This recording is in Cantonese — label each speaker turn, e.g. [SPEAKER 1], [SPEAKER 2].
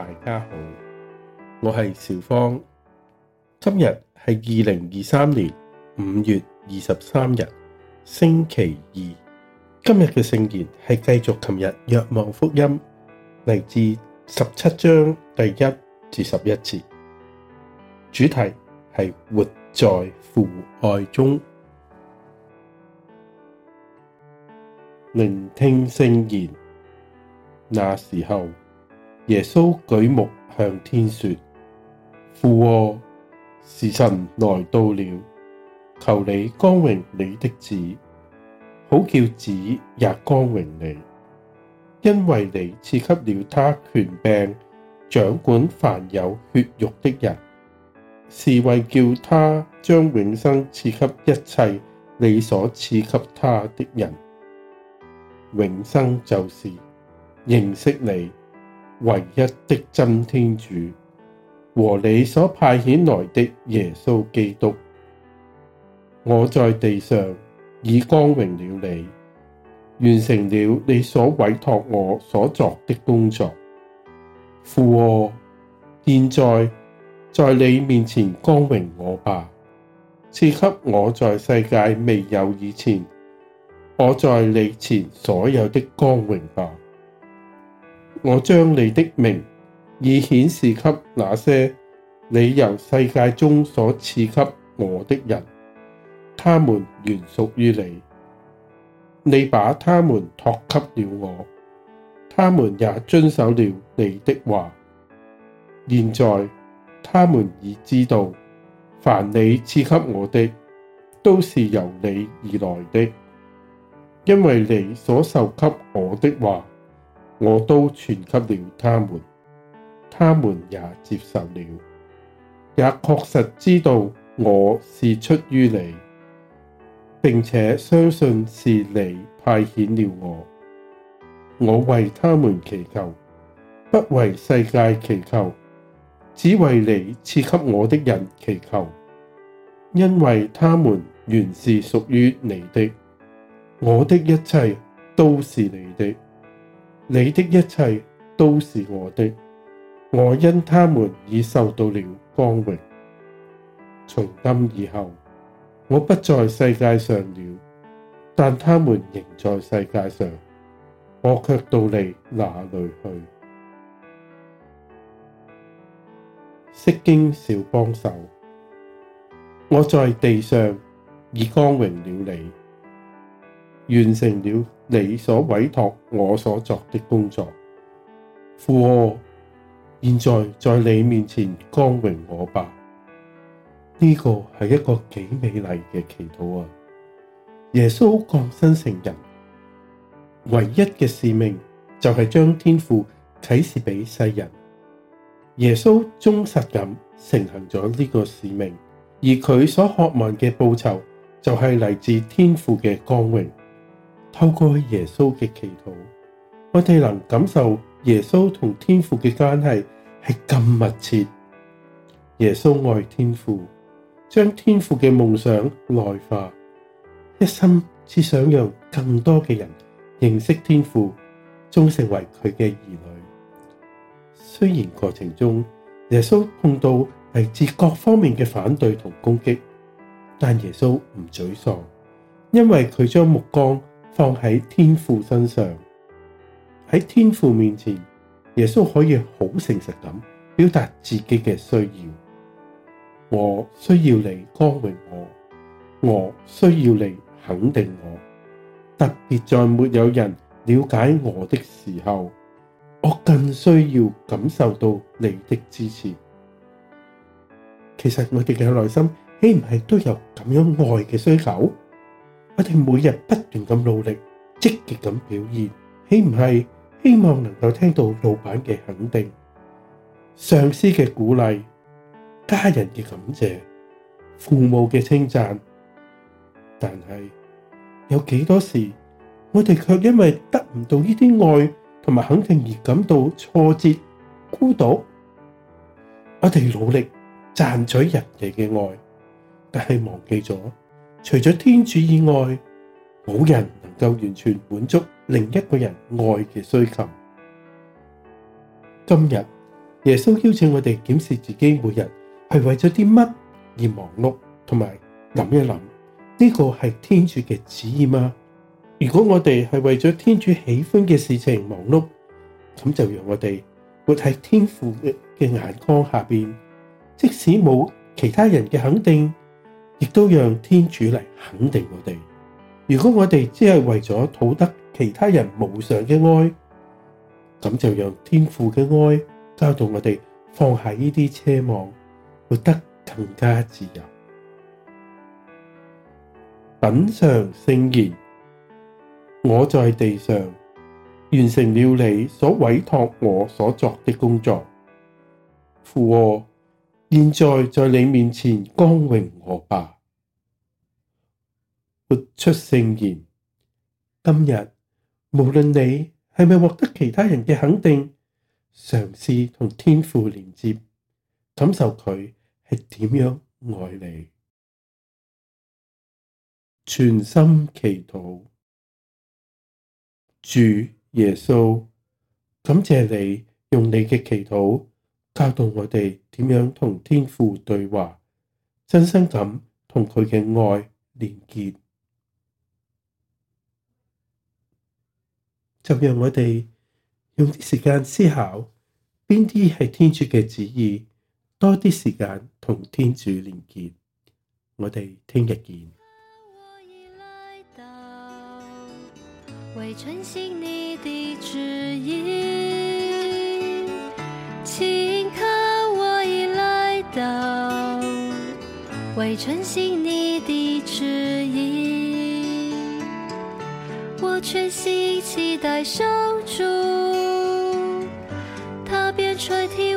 [SPEAKER 1] 大家好，我係小芳。今日係二零二三年五月二十三日，星期二。今日嘅聖言係繼續琴日《若望福音》嚟自十七章第一至十一節，主題係活在父愛中。聆聽聖言，那時候。耶穌舉目向天說：父啊，時辰來到了，求你光榮你的子，好叫子也光榮你，因為你賜給了他權柄掌管凡有血肉的人，是為叫他將永生賜給一切你所賜給他的人。永生就是認識你。唯一的真天主和你所派遣來的耶穌基督，我在地上已光榮了你，完成了你所委託我所作的工作。父啊，現在在你面前光榮我吧，賜給我在世界未有以前我在你前所有的光榮吧。我將你的名已顯示給那些你由世界中所賜給我的人，他們原屬於你，你把他們託給了我，他們也遵守了你的話。現在他們已知道，凡你賜給我的，都是由你而來的，因為你所授給我的話。我都傳給了他們，他們也接受了，也確實知道我是出於你，並且相信是你派遣了我。我為他們祈求，不為世界祈求，只為你賜給我的人祈求，因為他們原是屬於你的，我的一切都是你的。你的一切都是我的，我因他們已受到了光榮。從今以後，我不在世界上了，但他們仍在世界上，我卻到你那裡去。釋經小幫手，我在地上已光榮了你。完成了你所委託我所做的工作，父啊，現在在你面前光榮我吧。呢個係一個幾美麗嘅祈禱啊！耶穌降生成人，唯一嘅使命就係將天父啟示俾世人。耶穌忠實咁承行咗呢個使命，而佢所渴望嘅報酬就係嚟自天父嘅光榮。透過耶穌嘅祈禱，我哋能感受耶穌同天父嘅關係係咁密切。耶穌愛天父，將天父嘅夢想內化，一心只想讓更多嘅人認識天父，終成為佢嘅兒女。雖然過程中耶穌碰到嚟自各方面嘅反對同攻擊，但耶穌唔沮喪，因為佢將目光，放喺天父身上，喺天父面前，耶穌可以好誠實咁表達自己嘅需要。我需要你光榮我，我需要你肯定我。特別在沒有人了解我的時候，我更需要感受到你的支持。其實我哋嘅內心，豈唔係都有咁樣愛嘅需求？我哋每日不斷咁努力，積極咁表現，豈唔係希望能夠聽到老闆嘅肯定、上司嘅鼓勵、家人嘅感謝、父母嘅稱讚。但係有幾多時，我哋卻因為得唔到呢啲愛同埋肯定而感到挫折、孤獨。我哋努力賺取人哋嘅愛，但係忘記咗。除咗天主以外，冇人能夠完全滿足另一個人愛嘅需求。今日耶穌邀請我哋檢視自己，每日係為咗啲乜而忙碌，同埋諗一諗呢個係天主嘅旨意嗎？如果我哋係為咗天主喜歡嘅事情忙碌，咁就讓我哋活喺天父嘅嘅眼光下邊，即使冇其他人嘅肯定，亦都讓天主嚟肯定我哋。如果我哋只係為咗討得其他人無常嘅愛，咁就讓天父嘅愛教到我哋放下呢啲奢望，活得更加自由。品嚐聖言，我在地上完成了你所委託我所作的工作，父我。現在在你面前光榮我吧活出聖言。今日無論你係咪獲得其他人嘅肯定，嘗試同天父連接，感受佢係點樣愛你，全心祈禱，主耶穌，感謝你用你嘅祈禱。教導我哋點樣同天父對話，真心咁同佢嘅愛連結。就讓我哋用啲時間思考，邊啲係天主嘅旨意，多啲時間同天主連結。我哋聽日見。 為遵信，你的旨意，我全心期待守住，踏遍川途。